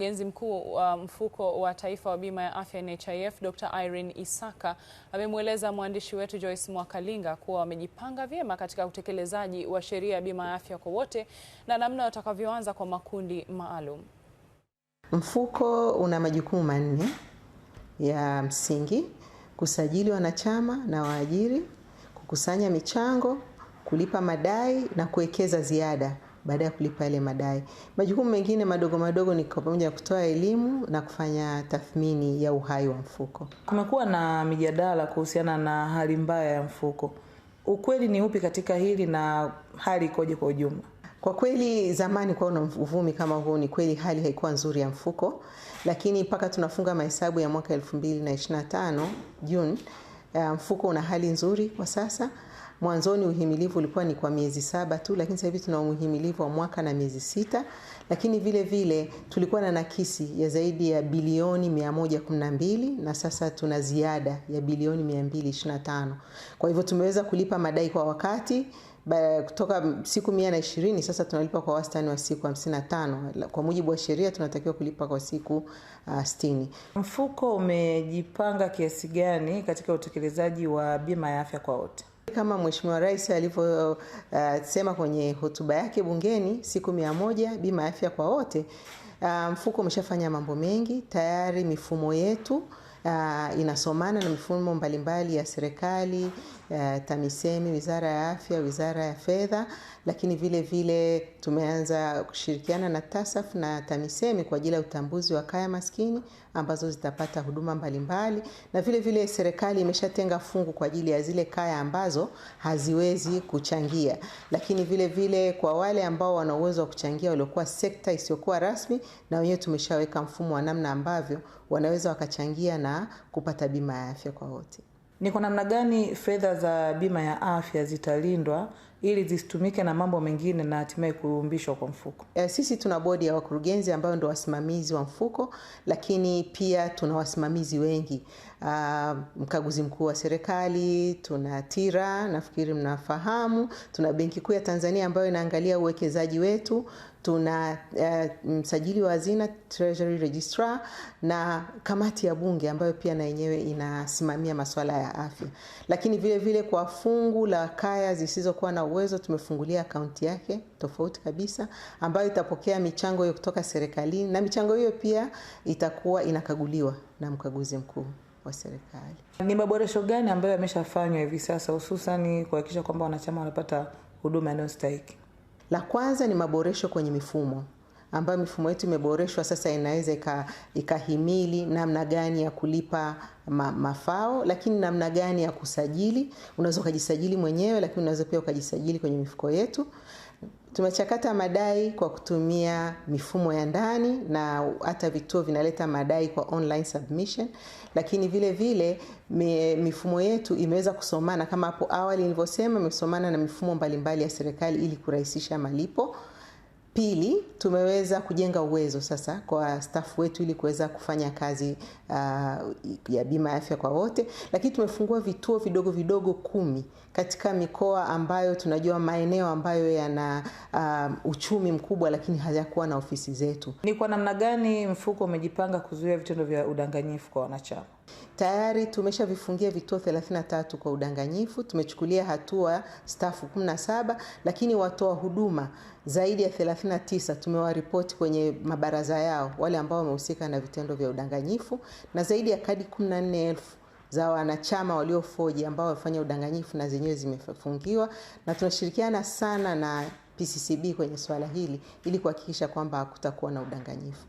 Mkurugenzi mkuu wa mfuko wa taifa wa bima ya afya NHIF, Dr. Irene Isaka amemweleza mwandishi wetu Joyce Mwakalinga kuwa wamejipanga vyema katika utekelezaji wa sheria ya bima ya afya kwa wote na namna watakavyoanza kwa makundi maalum. Mfuko una majukumu manne ya msingi: kusajili wanachama na waajiri, kukusanya michango, kulipa madai na kuwekeza ziada baada ya kulipa yale madai. Majukumu mengine madogo madogo ni kwa pamoja kutoa elimu na kufanya tathmini ya uhai wa mfuko. Kumekuwa na mijadala kuhusiana na hali mbaya ya mfuko. Ukweli ni upi katika hili na hali ikoje kwa ujumla? Kwa kweli zamani kwa na uvumi kama huu, ni kweli hali haikuwa nzuri ya mfuko, lakini mpaka tunafunga mahesabu ya mwaka 2025 Juni, eh, mfuko una hali nzuri kwa sasa. Mwanzoni uhimilivu ulikuwa ni kwa miezi saba tu, lakini sasa hivi tuna uhimilivu wa mwaka na miezi sita. Lakini vile vile tulikuwa na nakisi ya zaidi ya bilioni 112 na sasa tuna ziada ya bilioni 225. Kwa hivyo tumeweza kulipa madai kwa wakati kutoka siku mia na ishirini sasa tunalipa kwa wastani wa siku hamsini na tano kwa mujibu wa sheria tunatakiwa kulipa kwa siku uh, ah, stini Mfuko umejipanga kiasi gani katika utekelezaji wa bima ya afya kwa wote? Kama Mheshimiwa Rais alivyosema uh, kwenye hotuba yake bungeni siku mia moja bima afya kwa wote, uh, mfuko umeshafanya mambo mengi tayari. Mifumo yetu uh, inasomana na mifumo mbalimbali ya serikali Eh, TAMISEMI, wizara ya afya, wizara ya fedha, lakini vile vile tumeanza kushirikiana na TASAF na TAMISEMI kwa ajili ya utambuzi wa kaya maskini ambazo zitapata huduma mbalimbali, na vile vile serikali imeshatenga fungu kwa ajili ya zile kaya ambazo haziwezi kuchangia, lakini vile vile kwa wale ambao wana uwezo wa kuchangia waliokuwa sekta isiyokuwa rasmi, na wenyewe tumeshaweka mfumo wa namna ambavyo wanaweza wakachangia na kupata bima ya afya kwa wote ni kwa namna gani fedha za bima ya afya zitalindwa ili zisitumike na mambo mengine na hatimaye kuumbishwa kwa mfuko. Eh, sisi tuna bodi ya wakurugenzi ambayo ndio wasimamizi wa mfuko, lakini pia tuna wasimamizi wengi uh, mkaguzi mkuu wa serikali, tuna TIRA nafikiri mnafahamu, tuna Benki Kuu ya Tanzania ambayo inaangalia uwekezaji wetu, tuna uh, msajili wa hazina Treasury Registrar, na kamati ya bunge ambayo pia na yenyewe inasimamia masuala ya afya. Lakini vile vile kwa fungu la kaya zisizokuwa na uwezo tumefungulia akaunti yake tofauti kabisa ambayo itapokea michango hiyo kutoka serikalini na michango hiyo pia itakuwa inakaguliwa na mkaguzi mkuu wa serikali. Ni maboresho gani ambayo yameshafanywa hivi sasa, hususani kuhakikisha kwamba wanachama wanapata huduma inayostahiki? La kwanza ni maboresho kwenye mifumo ambayo mifumo yetu imeboreshwa sasa, inaweza ikahimili namna gani ya kulipa ma, mafao, lakini namna gani ya kusajili. Unaweza ukajisajili mwenyewe, lakini unaweza pia ukajisajili kwenye mifuko yetu. Tumechakata madai kwa kutumia mifumo ya ndani na hata vituo vinaleta madai kwa online submission, lakini vile vile mifumo yetu imeweza kusomana kama hapo awali nilivyosema, imesomana na mifumo mbalimbali mbali ya serikali ili kurahisisha malipo. Pili, tumeweza kujenga uwezo sasa kwa staff wetu ili kuweza kufanya kazi uh, ya bima ya afya kwa wote, lakini tumefungua vituo vidogo vidogo kumi katika mikoa ambayo tunajua maeneo ambayo yana uh, uchumi mkubwa lakini hajakuwa na ofisi zetu. Ni kwa namna gani mfuko umejipanga kuzuia vitendo vya udanganyifu kwa wanachama? Tayari tumeshavifungia vituo 33 kwa udanganyifu, tumechukulia hatua stafu 17, lakini watoa huduma zaidi ya 39 tumewaripoti kwenye mabaraza yao wale ambao wamehusika na vitendo vya udanganyifu, na zaidi ya kadi 14,000 za wanachama waliofoji ambao wamefanya udanganyifu na zenyewe zimefungiwa, na tunashirikiana sana na PCCB kwenye swala hili ili kuhakikisha kwamba hakutakuwa na udanganyifu.